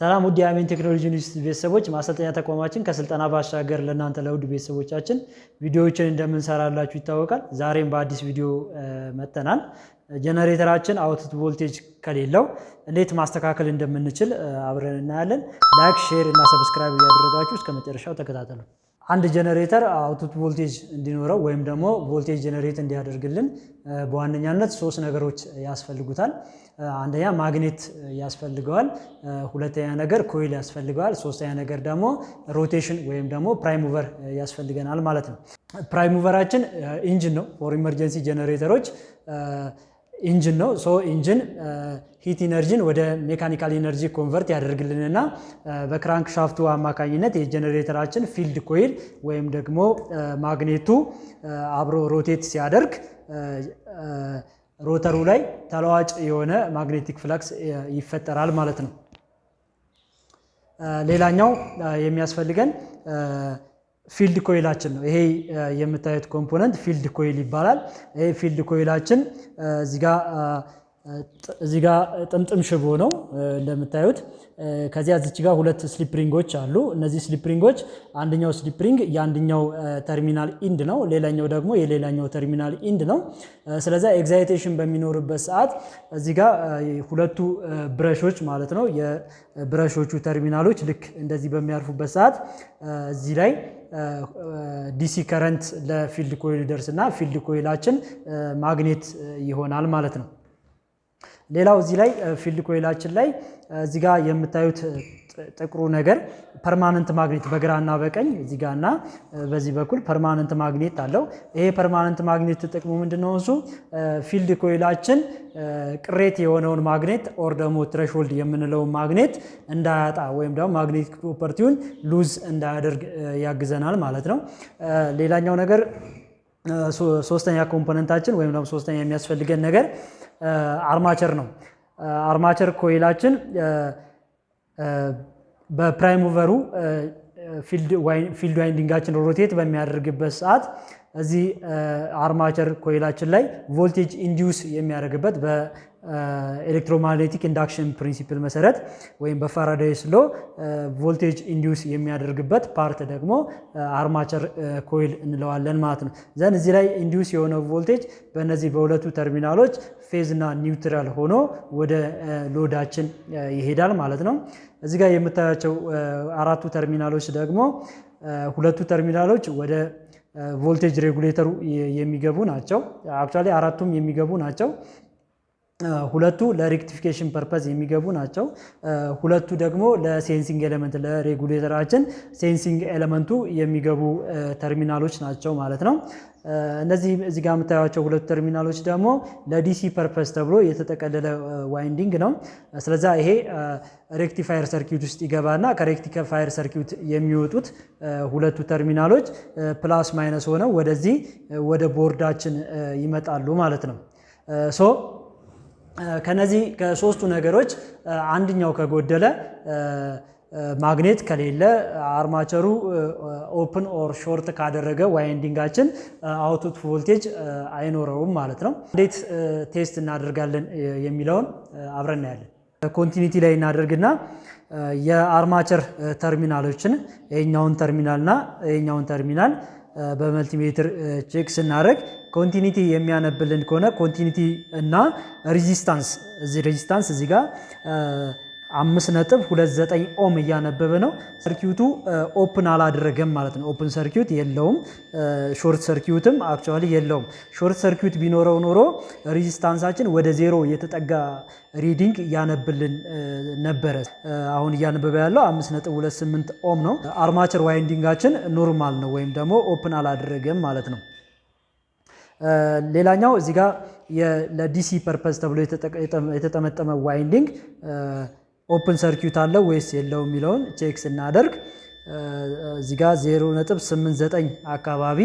ሰላም ውድ የአሜን ቴክኖሎጂ ዩኒቨርሲቲ ቤተሰቦች፣ ማሰልጠኛ ተቋማችን ከስልጠና ባሻገር ለእናንተ ለውድ ቤተሰቦቻችን ቪዲዮዎችን እንደምንሰራላችሁ ይታወቃል። ዛሬም በአዲስ ቪዲዮ መጥተናል። ጀነሬተራችን አውትፑት ቮልቴጅ ከሌለው እንዴት ማስተካከል እንደምንችል አብረን እናያለን። ላይክ፣ ሼር እና ሰብስክራይብ እያደረጋችሁ እስከ መጨረሻው ተከታተሉ። አንድ ጀነሬተር አውትፑት ቮልቴጅ እንዲኖረው ወይም ደግሞ ቮልቴጅ ጀነሬት እንዲያደርግልን በዋነኛነት ሶስት ነገሮች ያስፈልጉታል። አንደኛ ማግኔት ያስፈልገዋል፣ ሁለተኛ ነገር ኮይል ያስፈልገዋል፣ ሶስተኛ ነገር ደግሞ ሮቴሽን ወይም ደግሞ ፕራይም ሙቨር ያስፈልገናል ማለት ነው። ፕራይም ሙቨራችን ኢንጂን ነው። ፎር ኢመርጀንሲ ጀነሬተሮች ኢንጂን ነው። ሶ ኢንጂን ሂት ኢነርጂን ወደ ሜካኒካል ኢነርጂ ኮንቨርት ያደርግልንና በክራንክ ሻፍቱ አማካኝነት የጀነሬተራችን ፊልድ ኮይል ወይም ደግሞ ማግኔቱ አብሮ ሮቴት ሲያደርግ ሮተሩ ላይ ተለዋጭ የሆነ ማግኔቲክ ፍላክስ ይፈጠራል ማለት ነው። ሌላኛው የሚያስፈልገን ፊልድ ኮይላችን ነው። ይሄ የምታዩት ኮምፖነንት ፊልድ ኮይል ይባላል። ይሄ ፊልድ ኮይላችን እዚጋ እዚህ ጋር ጥምጥም ሽቦ ነው እንደምታዩት። ከዚያ ዝች ጋር ሁለት ስሊፕሪንጎች አሉ። እነዚህ ስሊፕሪንጎች አንደኛው ስሊፕሪንግ የአንደኛው ተርሚናል ኢንድ ነው፣ ሌላኛው ደግሞ የሌላኛው ተርሚናል ኢንድ ነው። ስለዚያ ኤግዛይቴሽን በሚኖርበት ሰዓት እዚህ ጋር ሁለቱ ብረሾች ማለት ነው የብረሾቹ ተርሚናሎች ልክ እንደዚህ በሚያርፉበት ሰዓት እዚህ ላይ ዲሲ ከረንት ለፊልድ ኮይል እና ፊልድ ኮይላችን ማግኔት ይሆናል ማለት ነው። ሌላው እዚህ ላይ ፊልድ ኮይላችን ላይ እዚህ ጋር የምታዩት ጥቁሩ ነገር ፐርማነንት ማግኔት በግራና በቀኝ እዚህ በዚህ በኩል ፐርማነንት ማግኔት አለው። ይሄ ፐርማነንት ማግኔት ጥቅሙ ምንድነው? እሱ ፊልድ ኮይላችን ቅሬት የሆነውን ማግኔት ኦር ደግሞ ትሬሽሆልድ የምንለውን ማግኔት እንዳያጣ ወይም ደግሞ ማግኔቲክ ፕሮፐርቲውን ሉዝ እንዳያደርግ ያግዘናል ማለት ነው። ሌላኛው ነገር ሶስተኛ ኮምፖነንታችን ወይም ደግሞ ሶስተኛ የሚያስፈልገን ነገር አርማቸር ነው። አርማቸር ኮይላችን በፕራይም ሙቨሩ ፊልድ ዋይንዲንጋችን ሮቴት በሚያደርግበት ሰዓት እዚህ አርማቸር ኮይላችን ላይ ቮልቴጅ ኢንዲዩስ የሚያደርግበት ኤሌክትሮማግኔቲክ ኢንዳክሽን ፕሪንሲፕል መሰረት ወይም በፋራዳይስ ሎ ቮልቴጅ uh, ኢንዲውስ የሚያደርግበት ፓርት ደግሞ አርማቸር uh, ኮይል uh, እንለዋለን ማለት ነው። ዘን እዚህ ላይ ኢንዲዩስ የሆነው ቮልቴጅ በእነዚህ በሁለቱ ተርሚናሎች ፌዝ እና ኒውትራል ሆኖ ወደ ሎዳችን ይሄዳል ማለት ነው። እዚህ ጋር የምታያቸው አራቱ ተርሚናሎች ደግሞ ሁለቱ ተርሚናሎች ወደ ቮልቴጅ ሬጉሌተሩ የሚገቡ ናቸው። አክቹዋሊ አራቱም የሚገቡ ናቸው። ሁለቱ ለሬክቲፊኬሽን ፐርፐዝ የሚገቡ ናቸው። ሁለቱ ደግሞ ለሴንሲንግ ኤሌመንት ለሬጉሌተራችን ሴንሲንግ ኤለመንቱ የሚገቡ ተርሚናሎች ናቸው ማለት ነው። እነዚህ እዚህ ጋር የምታዩቸው ሁለቱ ተርሚናሎች ደግሞ ለዲሲ ፐርፐዝ ተብሎ የተጠቀለለ ዋይንዲንግ ነው። ስለዛ ይሄ ሬክቲፋየር ሰርኪዩት ውስጥ ይገባና ከሬክቲፋየር ሰርኪዩት የሚወጡት ሁለቱ ተርሚናሎች ፕላስ ማይነስ ሆነው ወደዚህ ወደ ቦርዳችን ይመጣሉ ማለት ነው ሶ ከነዚህ ከሶስቱ ነገሮች አንድኛው ከጎደለ ማግኔት ከሌለ አርማቸሩ ኦፕን ኦር ሾርት ካደረገ ዋይንዲንጋችን አውትፑት ቮልቴጅ አይኖረውም ማለት ነው። እንዴት ቴስት እናደርጋለን የሚለውን አብረን እናያለን። ኮንቲኒቲ ላይ እናደርግና የአርማቸር ተርሚናሎችን ይሄኛውን ተርሚናልና ይሄኛውን ተርሚናል በመልቲሜትር ቼክ ስናደርግ ኮንቲኒቲ የሚያነብልን ከሆነ ኮንቲኒቲ እና ሬዚስታንስ እዚህ ሬዚስታንስ እዚህ ጋር አምስት ነጥብ ሁለት ዘጠኝ ኦም እያነበበ ነው። ሰርኪዩቱ ኦፕን አላደረገም ማለት ነው። ኦፕን ሰርኪዩት የለውም፣ ሾርት ሰርኪዩትም አክቹዋሊ የለውም። ሾርት ሰርኪዩት ቢኖረው ኖሮ ሬዚስታንሳችን ወደ ዜሮ የተጠጋ ሪዲንግ ያነብልን ነበረ። አሁን እያነበበ ያለው አምስት ነጥብ ሁለት ስምንት ኦም ነው። አርማቸር ዋይንዲንጋችን ኖርማል ነው ወይም ደግሞ ኦፕን አላደረገም ማለት ነው። ሌላኛው እዚህ ጋር ለዲሲ ፐርፐዝ ተብሎ የተጠመጠመ ዋይንዲንግ ኦፕን ሰርኪዩት አለው ወይስ የለው የሚለውን ቼክ ስናደርግ እዚህ ጋ 0.89 አካባቢ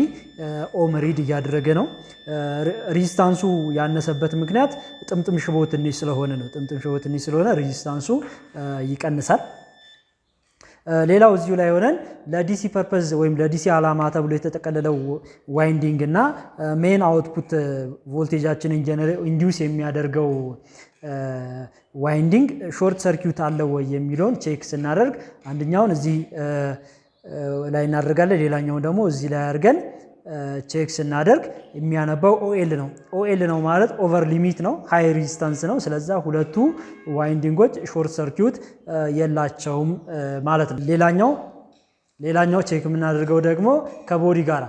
ኦም ሪድ እያደረገ ነው። ሬዚስታንሱ ያነሰበት ምክንያት ጥምጥም ሽቦ ትንሽ ስለሆነ ነው። ጥምጥም ሽቦ ትንሽ ስለሆነ ሬዚስታንሱ ይቀንሳል። ሌላው እዚሁ ላይ ሆነን ለዲሲ ፐርፐዝ ወይም ለዲሲ ዓላማ ተብሎ የተጠቀለለው ዋይንዲንግ እና ሜን አውትፑት ቮልቴጃችንን ኢንዲዩስ የሚያደርገው ዋይንዲንግ ሾርት ሰርኪዩት አለው ወይ የሚለውን ቼክ ስናደርግ አንደኛውን እዚህ ላይ እናደርጋለን፣ ሌላኛውን ደግሞ እዚህ ላይ አድርገን ቼክ ስናደርግ የሚያነባው ኦኤል ነው። ኦኤል ነው ማለት ኦቨር ሊሚት ነው፣ ሃይ ሪዚስታንስ ነው። ስለዛ ሁለቱ ዋይንዲንጎች ሾርት ሰርኪዩት የላቸውም ማለት ነው። ሌላኛው ሌላኛው ቼክ የምናደርገው ደግሞ ከቦዲ ጋራ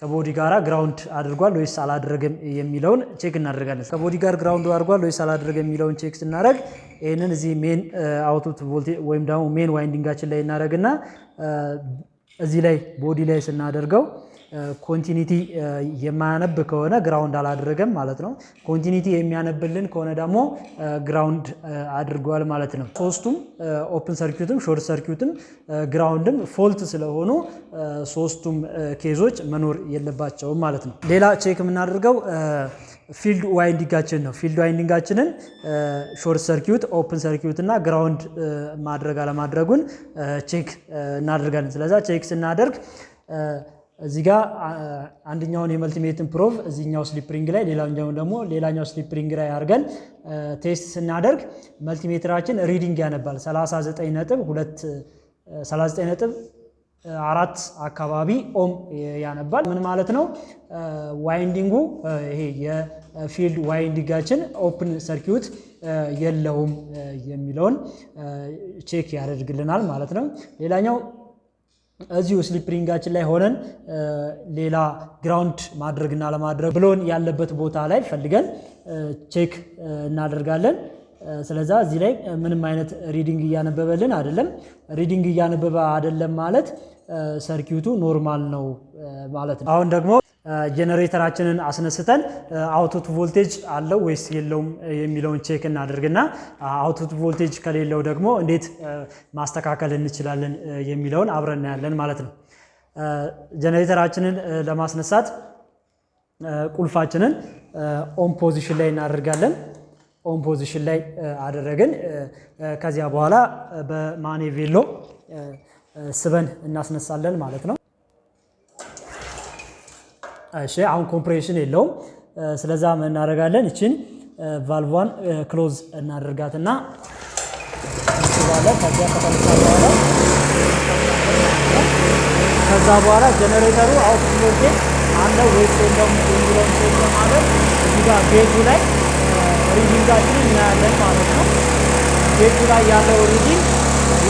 ከቦዲ ጋራ ግራውንድ አድርጓል ወይስ አላደረገም የሚለውን ቼክ እናደርጋለን። ከቦዲ ጋር ግራውንድ አድርጓል ወይስ አላደረገም የሚለውን ቼክ ስናደርግ ይህንን እዚህ ሜን አውትፑት ቮልቴጅ ወይም ደግሞ ሜን ዋይንዲንጋችን ላይ እናደርግና እዚህ ላይ ቦዲ ላይ ስናደርገው ኮንቲኒቲ የማያነብ ከሆነ ግራውንድ አላደረገም ማለት ነው። ኮንቲኒቲ የሚያነብልን ከሆነ ደግሞ ግራውንድ አድርጓል ማለት ነው። ሶስቱም ኦፕን ሰርኪዩትም ሾርት ሰርኪዩትም ግራውንድም ፎልት ስለሆኑ ሶስቱም ኬዞች መኖር የለባቸውም ማለት ነው። ሌላ ቼክ የምናደርገው ፊልድ ዋይንዲንጋችን ነው። ፊልድ ዋይንዲንጋችንን ሾርት ሰርኪዩት፣ ኦፕን ሰርኪዩት እና ግራውንድ ማድረግ አለማድረጉን ቼክ እናደርጋለን። ስለዛ ቼክ ስናደርግ እዚህ ጋ አንደኛውን የመልቲሜትን ፕሮቭ እዚህኛው ስሊፕሪንግ ላይ ሌላኛው ደግሞ ሌላኛው ስሊፕሪንግ ላይ አድርገን ቴስት ስናደርግ መልቲሜትራችን ሪዲንግ ያነባል 39 አካባቢ ኦም ያነባል። ምን ማለት ነው? ዋይንዲንጉ ይሄ የፊልድ ዋይንዲንጋችን ኦፕን ሰርኪዩት የለውም የሚለውን ቼክ ያደርግልናል ማለት ነው። ሌላኛው እዚሁ ስሊፕሪንጋችን ላይ ሆነን ሌላ ግራውንድ ማድረግና ለማድረግ ብሎን ያለበት ቦታ ላይ ፈልገን ቼክ እናደርጋለን። ስለዛ እዚህ ላይ ምንም አይነት ሪዲንግ እያነበበልን አይደለም። ሪዲንግ እያነበበ አይደለም ማለት ሰርኪቱ ኖርማል ነው ማለት ነው። አሁን ደግሞ ጀነሬተራችንን አስነስተን አውቶት ቮልቴጅ አለው ወይስ የለውም የሚለውን ቼክ እናደርግና አውቶት ቮልቴጅ ከሌለው ደግሞ እንዴት ማስተካከል እንችላለን የሚለውን አብረን እናያለን ማለት ነው። ጀነሬተራችንን ለማስነሳት ቁልፋችንን ኦን ፖዚሽን ላይ እናደርጋለን። ኦን ፖዚሽን ላይ አደረግን። ከዚያ በኋላ በማኔ ቬሎ ስበን እናስነሳለን ማለት ነው። እሺ አሁን ኮምፕሬሽን የለውም። ስለዛ እናደርጋለን እችን ቫልቫን ክሎዝ እናደርጋትና ከዛ በኋላ ጀነሬተሩ አውት ቮልቴጅ አለ ወይስ የለውም የሚለውን ቼክ ለማድረግ እዚህ ጋር ቤቱ ላይ ሪዲንጋችንን እናያለን ማለት ነው። ቤቱ ላይ ያለው ሪዲንግ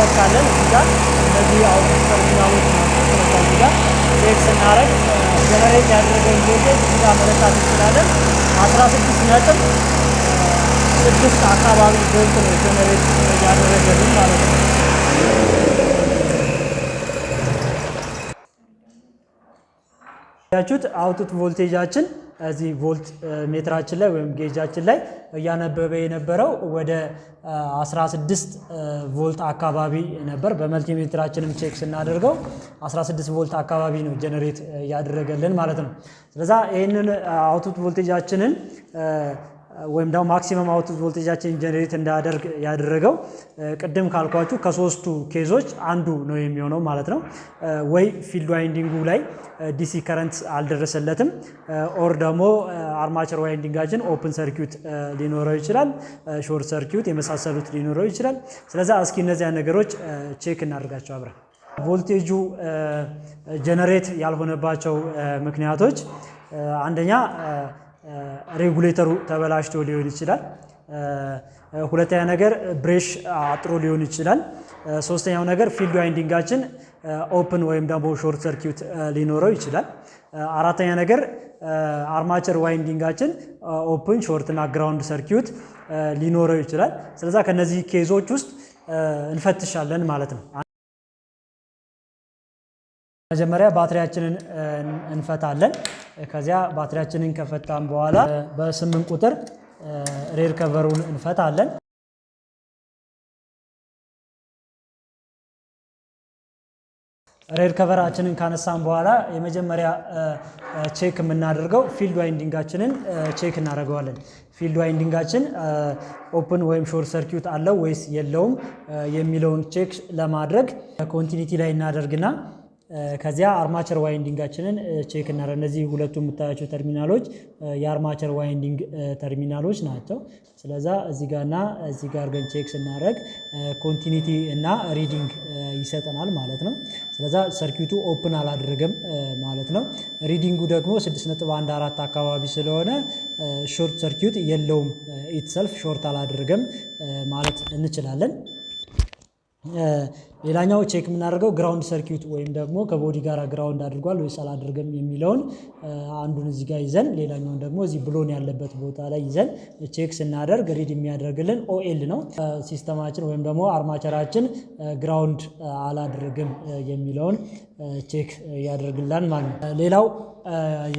እንለካለን። እዚህ ጋር እነዚህ አውቶስ ተርሚናሎች ናቸው። እዚህ ጋር ቼክ ስናደርግ ጀነሬት ያደረገን ቮልቴጅ እዚህ ጋር መለካት እንችላለን። 16 ነጥብ ስድስት አካባቢ ቮልት ነው ጀነሬት ያደረገልን ማለት ነው። ያችሁት አውትፑት ቮልቴጃችን እዚህ ቮልት ሜትራችን ላይ ወይም ጌጃችን ላይ እያነበበ የነበረው ወደ 16 ቮልት አካባቢ ነበር። በመልቲ ሜትራችንም ቼክ ስናደርገው 16 ቮልት አካባቢ ነው ጀነሬት እያደረገልን ማለት ነው። ስለዛ ይህንን አውትፑት ቮልቴጃችንን ወይም ደግሞ ማክሲመም አውትፑት ቮልቴጃችን ጀኔሬት እንዳያደርግ ያደረገው ቅድም ካልኳችሁ ከሶስቱ ኬዞች አንዱ ነው የሚሆነው ማለት ነው። ወይ ፊልድ ዋይንዲንጉ ላይ ዲሲ ከረንት አልደረሰለትም፣ ኦር ደግሞ አርማቸር ዋይንዲንጋችን ኦፕን ሰርኪዩት ሊኖረው ይችላል፣ ሾርት ሰርኪዩት የመሳሰሉት ሊኖረው ይችላል። ስለዛ እስኪ እነዚያ ነገሮች ቼክ እናደርጋቸው አብረን። ቮልቴጁ ጀነሬት ያልሆነባቸው ምክንያቶች አንደኛ ሬጉሌተሩ ተበላሽቶ ሊሆን ይችላል። ሁለተኛ ነገር ብሬሽ አጥሮ ሊሆን ይችላል። ሶስተኛው ነገር ፊልድ ዋይንዲንጋችን ኦፕን ወይም ደግሞ ሾርት ሰርኪዩት ሊኖረው ይችላል። አራተኛ ነገር አርማቸር ዋይንዲንጋችን ኦፕን ሾርት እና ግራውንድ ሰርኪዩት ሊኖረው ይችላል። ስለዛ ከነዚህ ኬዞች ውስጥ እንፈትሻለን ማለት ነው። መጀመሪያ ባትሪያችንን እንፈታለን። ከዚያ ባትሪያችንን ከፈታም በኋላ በስምንት ቁጥር ሬር ከቨሩን እንፈታለን። ሬድ ከቨራችንን ካነሳን በኋላ የመጀመሪያ ቼክ የምናደርገው ፊልድ ዋይንዲንጋችንን ቼክ እናደርገዋለን። ፊልድ ዋይንዲንጋችን ኦፕን ወይም ሾር ሰርኪዩት አለው ወይስ የለውም የሚለውን ቼክ ለማድረግ ኮንቲኒቲ ላይ እናደርግና ከዚያ አርማቸር ዋይንዲንጋችንን ቼክ እናረ እነዚህ ሁለቱ የምታያቸው ተርሚናሎች የአርማቸር ዋይንዲንግ ተርሚናሎች ናቸው። ስለዛ እዚህ ጋር እና እዚህ ጋር አድርገን ቼክ ስናደረግ ኮንቲኒቲ እና ሪዲንግ ይሰጠናል ማለት ነው። ስለዛ ሰርኪቱ ኦፕን አላደረገም ማለት ነው። ሪዲንጉ ደግሞ 6.14 አካባቢ ስለሆነ ሾርት ሰርኪዩት የለውም ኢትሰልፍ ሾርት አላደረገም ማለት እንችላለን። ሌላኛው ቼክ የምናደርገው ግራውንድ ሰርኪዩት ወይም ደግሞ ከቦዲ ጋር ግራውንድ አድርጓል ወይስ አላደርገም የሚለውን አንዱን እዚህ ጋር ይዘን ሌላኛውን ደግሞ እዚህ ብሎን ያለበት ቦታ ላይ ይዘን ቼክ ስናደርግ ሪድ የሚያደርግልን ኦኤል ነው። ሲስተማችን ወይም ደግሞ አርማቸራችን ግራውንድ አላደርግም የሚለውን ቼክ ያደርግላን ማለት ነው። ሌላው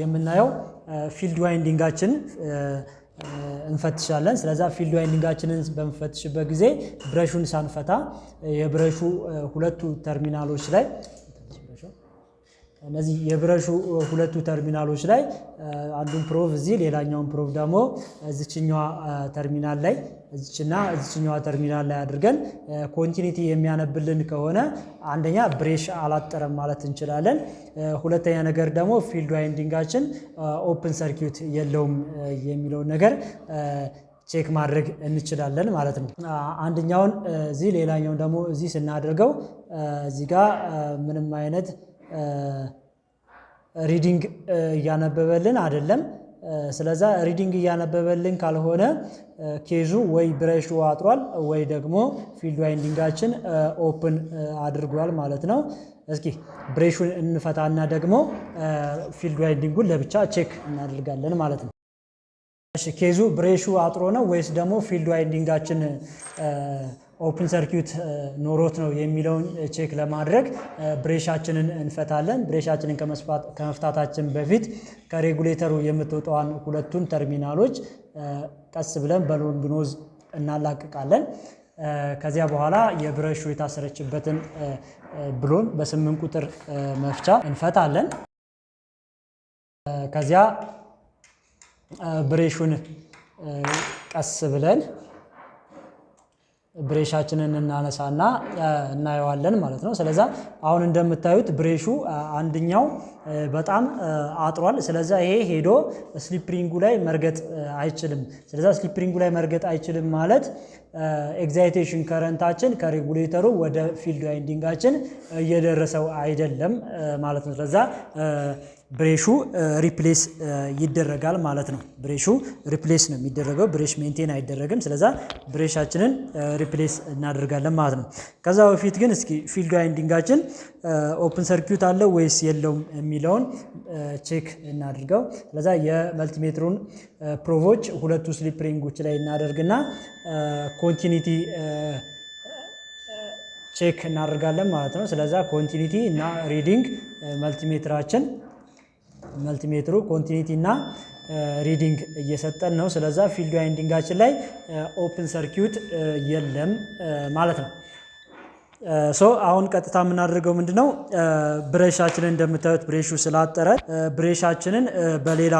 የምናየው ፊልድ ዋይንዲንጋችን እንፈትሻለን። ስለዛ ፊልድ ዋይንዲንጋችንን በምንፈትሽበት ጊዜ ብረሹን ሳንፈታ የብረሹ ሁለቱ ተርሚናሎች ላይ እነዚህ የብረሹ ሁለቱ ተርሚናሎች ላይ አንዱን ፕሮቭ እዚህ ሌላኛውን ፕሮቭ ደግሞ እዚችኛዋ ተርሚናል ላይ እዚችና እዚችኛዋ ተርሚናል ላይ አድርገን ኮንቲኒቲ የሚያነብልን ከሆነ አንደኛ ብሬሽ አላጠረም ማለት እንችላለን። ሁለተኛ ነገር ደግሞ ፊልድ ዋይንዲንጋችን ኦፕን ሰርኪዩት የለውም የሚለውን ነገር ቼክ ማድረግ እንችላለን ማለት ነው። አንደኛውን እዚህ ሌላኛውን ደግሞ እዚህ ስናደርገው እዚህ ጋር ምንም አይነት ሪዲንግ እያነበበልን አይደለም። ስለዛ ሪዲንግ እያነበበልን ካልሆነ ኬዙ ወይ ብሬሹ አጥሯል ወይ ደግሞ ፊልድ ዋይንዲንጋችን ኦፕን አድርጓል ማለት ነው። እስኪ ብሬሹን እንፈታና ደግሞ ፊልድ ዋይንዲንጉን ለብቻ ቼክ እናደርጋለን ማለት ነው። እሺ ኬዙ ብሬሹ አጥሮ ነው ወይስ ደግሞ ፊልድ ዋይንዲንጋችን ኦፕን ሰርኪዩት ኖሮት ነው የሚለውን ቼክ ለማድረግ ብሬሻችንን እንፈታለን። ብሬሻችንን ከመፍታታችን በፊት ከሬጉሌተሩ የምትወጣዋን ሁለቱን ተርሚናሎች ቀስ ብለን በሎንግ ኖዝ እናላቅቃለን። ከዚያ በኋላ የብረሹ የታሰረችበትን ብሎን በስምንት ቁጥር መፍቻ እንፈታለን። ከዚያ ብሬሹን ቀስ ብለን ብሬሻችንን እናነሳና እናየዋለን ማለት ነው። ስለዛ አሁን እንደምታዩት ብሬሹ አንድኛው በጣም አጥሯል። ስለዛ ይሄ ሄዶ ስሊፕሪንጉ ላይ መርገጥ አይችልም። ስለዛ ስሊፕሪንጉ ላይ መርገጥ አይችልም ማለት ኤግዛይቴሽን ከረንታችን ከሬጉሌተሩ ወደ ፊልድ ዋይንዲንጋችን እየደረሰው አይደለም ማለት ነው። ስለዛ ብሬሹ ሪፕሌስ ይደረጋል ማለት ነው። ብሬሹ ሪፕሌስ ነው የሚደረገው። ብሬሽ ሜንቴን አይደረግም። ስለዛ ብሬሻችንን ሪፕሌስ እናደርጋለን ማለት ነው። ከዛ በፊት ግን እስኪ ፊልድ ዋይንዲንጋችን ኦፕን ሰርኪዩት አለው ወይስ የለውም የሚለውን ቼክ እናድርገው። ስለዛ የመልቲሜትሩን ፕሮቮች ሁለቱ ስሊፕ ሪንጎች ላይ እናደርግና ኮንቲኒቲ ቼክ እናደርጋለን ማለት ነው። ስለዛ ኮንቲኒቲ እና ሪዲንግ መልቲሜትራችን መልቲሜትሩ ኮንቲኒቲ እና ሪዲንግ እየሰጠን ነው። ስለዛ ፊልድ ዋይንዲንጋችን ላይ ኦፕን ሰርኪዩት የለም ማለት ነው። ሶ አሁን ቀጥታ የምናደርገው ምንድ ነው ብሬሻችንን እንደምታዩት ብሬሹ ስላጠረ ብሬሻችንን በሌላ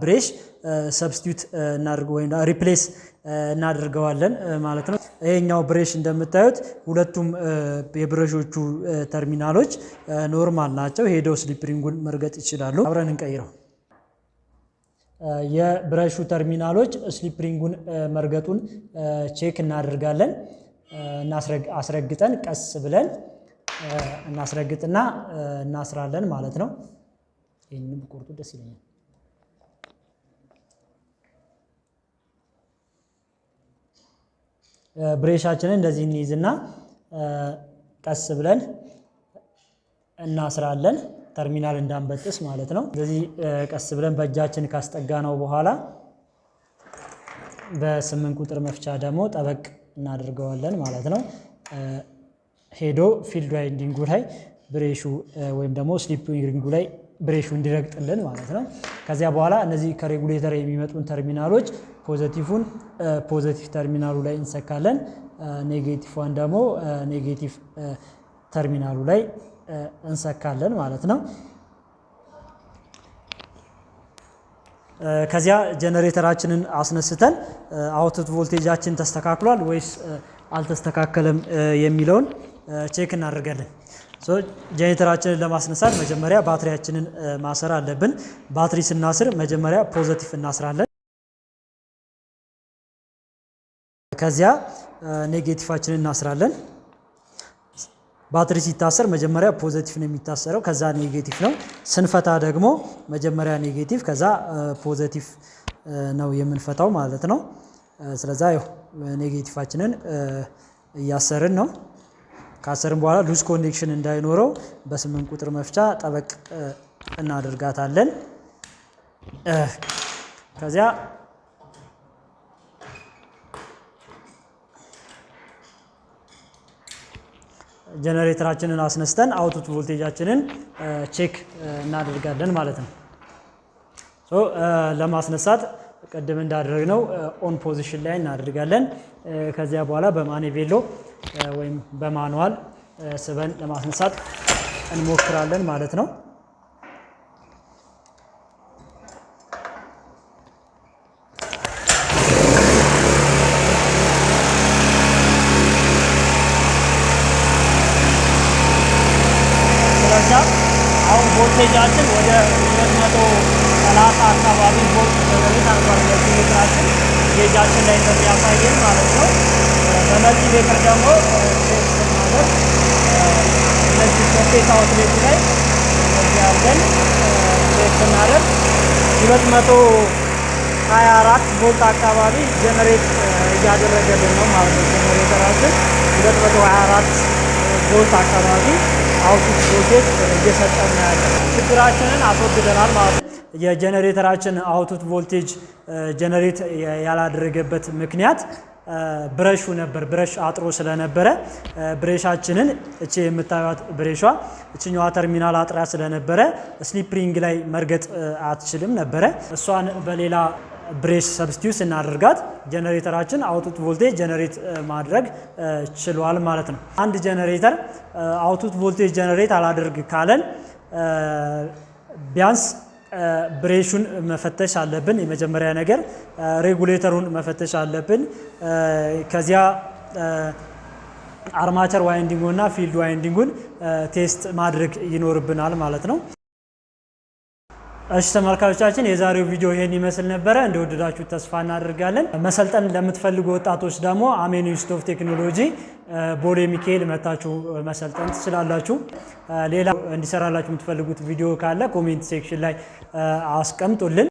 ብሬሽ ሰብስቲዩት እናደርገ ወይ ሪፕሌስ እናደርገዋለን ማለት ነው። ይሄኛው ብሬሽ እንደምታዩት ሁለቱም የብሬሾቹ ተርሚናሎች ኖርማል ናቸው። ሄደው ስሊፕሪንጉን መርገጥ ይችላሉ። አብረን እንቀይረው። የብሬሹ ተርሚናሎች ስሊፕሪንጉን መርገጡን ቼክ እናደርጋለን። አስረግጠን ቀስ ብለን እናስረግጥና እናስራለን ማለት ነው። ይህንም ቁርጡ ደስ ይለኛል። ብሬሻችንን እንደዚህ እንይዝና ቀስ ብለን እናስራለን። ተርሚናል እንዳንበጥስ ማለት ነው። ስለዚህ ቀስ ብለን በእጃችን ካስጠጋ ነው በኋላ በስምንት ቁጥር መፍቻ ደግሞ ጠበቅ እናደርገዋለን ማለት ነው። ሄዶ ፊልድ ዋይንዲንጉ ላይ ብሬሹ ወይም ደግሞ ስሊፕ ሪንጉ ላይ ብሬሹ እንዲረግጥልን ማለት ነው። ከዚያ በኋላ እነዚህ ከሬጉሌተር የሚመጡን ተርሚናሎች ፖዘቲቭን ፖዘቲቭ ተርሚናሉ ላይ እንሰካለን፣ ኔጌቲቭን ደግሞ ኔጌቲቭ ተርሚናሉ ላይ እንሰካለን ማለት ነው። ከዚያ ጀነሬተራችንን አስነስተን አውትፑት ቮልቴጃችን ተስተካክሏል ወይስ አልተስተካከለም የሚለውን ቼክ እናደርጋለን። ጀነሬተራችንን ለማስነሳት መጀመሪያ ባትሪያችንን ማሰር አለብን። ባትሪ ስናስር መጀመሪያ ፖዘቲቭ እናስራለን። ከዚያ ኔጌቲቫችንን እናስራለን። ባትሪ ሲታሰር መጀመሪያ ፖዘቲቭ ነው የሚታሰረው፣ ከዛ ኔጌቲቭ ነው። ስንፈታ ደግሞ መጀመሪያ ኔጌቲቭ፣ ከዛ ፖዘቲቭ ነው የምንፈታው ማለት ነው። ስለዛ ያው ኔጌቲቫችንን እያሰርን ነው። ካሰርን በኋላ ሉዝ ኮኔክሽን እንዳይኖረው በስምንት ቁጥር መፍቻ ጠበቅ እናደርጋታለን። ከዚያ ጀነሬተራችንን አስነስተን አውትፑት ቮልቴጃችንን ቼክ እናደርጋለን ማለት ነው። ለማስነሳት ቅድም እንዳደረግነው ኦን ፖዚሽን ላይ እናደርጋለን። ከዚያ በኋላ በማኔቬሎ ወይም በማኑዋል ስበን ለማስነሳት እንሞክራለን ማለት ነው። ቮልቴጃችን ወደ 230 አካባቢ ቮልት ጀነሬት አርጓል። በዚህ ሜትራችን ጌጃችን ላይ እንደሚያሳየን ማለት ነው። በመልቲ ሜትር ደግሞ ማለት እነዚህ በፌስ አውትሌቱ ላይ እዚህ አድርገን ቴስት እናደርግ 224 ቮልት አካባቢ ጀነሬት እያደረገልን ነው ማለት ነው። ጀነሬተራችን 224 ቮልት አካባቢ አውቱ ቮልቴጅ እየሰጠን ያለ ችግራችንን አስወግደናል ማለት ነው። የጀኔሬተራችን አውትፑት ቮልቴጅ ጀነሬት ያላደረገበት ምክንያት ብረሹ ነበር። ብረሽ አጥሮ ስለነበረ ብሬሻችንን እቺ የምታዩት ብሬሿ እችኛዋ ተርሚናል አጥራ ስለነበረ ስሊፕሪንግ ላይ መርገጥ አትችልም ነበረ። እሷን በሌላ ብሬሽ ሰብስቲዩስ እናደርጋት ጀነሬተራችን አውትፑት ቮልቴጅ ጀነሬት ማድረግ ችሏል ማለት ነው። አንድ ጀነሬተር አውትፑት ቮልቴጅ ጀነሬት አላደርግ ካለን ቢያንስ ብሬሹን መፈተሽ አለብን። የመጀመሪያ ነገር ሬጉሌተሩን መፈተሽ አለብን። ከዚያ አርማቸር ዋይንዲንጉና ፊልድ ዋይንዲንጉን ቴስት ማድረግ ይኖርብናል ማለት ነው። እሺ ተመልካቾቻችን የዛሬው ቪዲዮ ይሄን ይመስል ነበረ። እንደወደዳችሁ ተስፋ እናደርጋለን። መሰልጠን ለምትፈልጉ ወጣቶች ደግሞ አሜን ኢንስቲትዩት ኦፍ ቴክኖሎጂ ቦሌ ሚካኤል መታችሁ መሰልጠን ትችላላችሁ። ሌላ እንዲሰራላችሁ የምትፈልጉት ቪዲዮ ካለ ኮሜንት ሴክሽን ላይ አስቀምጡልን።